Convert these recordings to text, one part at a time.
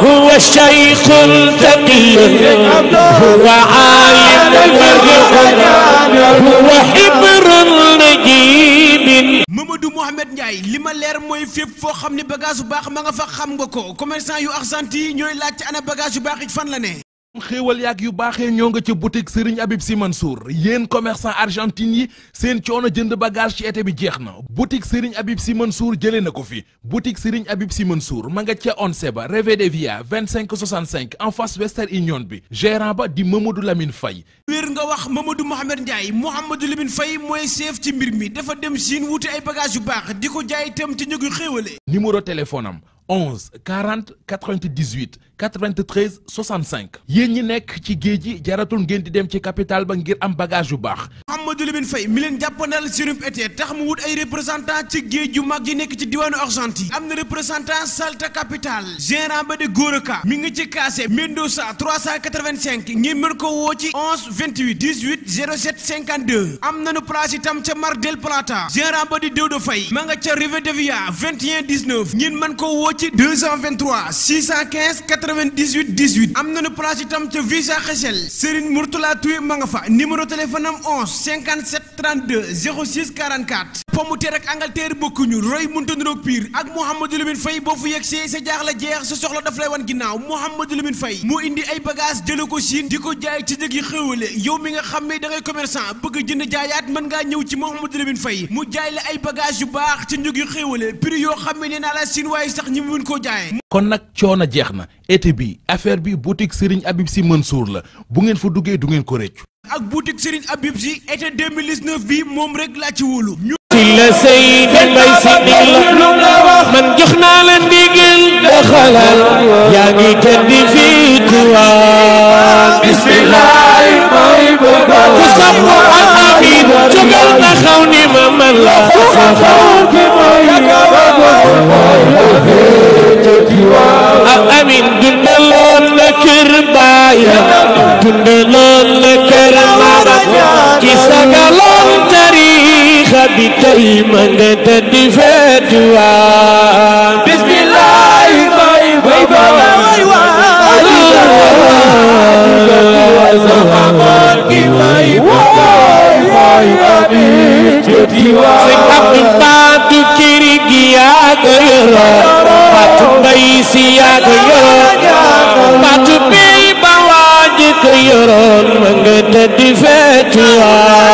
هو الشيخ التقي هو عالم القرآن هو حبر النجيب Mamadou Mouhamed Ndiaye li ma leer mooy fépp foo xam ne bagage bu baax ma nga fa xam nga ko commerçant yu Argentine ñooy laajte ana bagage yu baax it fan la ne xéewal yàgg yu baaxee ñoo nga ca boutique Serigne Habib Sy Mansour yéen commerçant argentine yi seen coono jënd bagage ci été bi jeex na boutique Serigne Habib Sy Mansour jëlee na ko fi boutique Serigne Habib Sy Mansour ma nga ca onse ba Reve de Via 2565 en face Western Union bi gérant ba di Mamadou Lamine Faye wér nga wax Mamadou Mohamed Ndiaye Mohamadou Lamine Faye mooy chef ci mbir mi dafa dem Chine wuute ay bagage yu baax di ko jaay itam ci ñëgu xéewale numéro téléphone am 11 40 98 93 65 yéen ñi nekk ci géej gi jaratul ngeen di dem ci capital ba ngir am bagage bu baax Mamadou Lamine Faye mi leen jàppandal Chérif Été tax mu wut ay représentant ci géej ju mag yi nekk ci diwaanu Argentine am na représentant Salta Capital gérant ba de Goroka mi ngi ci Kaase Mendoza 385 ngeen mën ko woo ci 11 28 18 07 52 am nañu place itam ca Mar del Plata gérant ba di Dodo Faye ma nga ca Rivadavia 21 19 ngeen mën ko woo ci 223 615 98 18 am nañu place itam ca Villa Gesell Serigne Mourtala Touye ma nga fa numéro téléphone am 11 57 32 06 44. pomme terre ak Angleterre bokkuñu roy mënta niroog pire ak Mouhamadou Lamine Faye boo fu yegg see sa jaaxle jeex sa soxla daf lay wan ginnaaw Mouhamadou Lamine Faye mu indi ay bagages jëlee ko Chine di ko jaay ci njëg yi xéwale yow mi nga xam ne dangay commercant commerçant bëgg jënd jaayaat mën ngaa ñëw ci Mouhamadou Lamine Faye mu jaay la ay bagages yu baax ci njëg yu xéwale prix yoo xam ne nee naa la Chine waaye sax ñi mu mën koo jaayee. kon nag coono jeex na été bi affaire bi boutique Serigne Habib Sy Mansour la bu ngeen fa duggee du ngeen ko réccu ak boutique Serigne Habib bi moom rek laa ci wóolu. la sëy mbay la man jox naa la ndigal doxalal yaa ngi tedd fii tuwaat bismillahi mooy bëgg ku sopp al amin jógal taxaw ni ma man la tey ma nga tëdd feetu waa bismillaahi bay bay bay sëñ Abdou Fatou këri gi yaa ko yor Fatou Mbaye si yaa ko yor Fatou Mbaye ba waaj ko yoroon ma nga tëdd feetu waa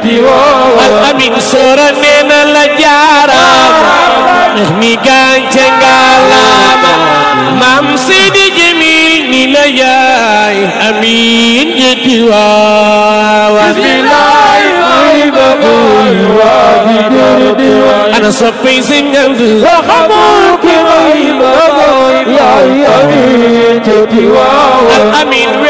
amin soora nee na la jaaraama mi gàncax ngalaama maam Seydi Jamil ni la yaay amin yetti waawan bilaay ay ba buy waa di gërdi waay ana soppay sëñ Abdu sa xamoo ki may ba buy yaay amin yetti waawan amin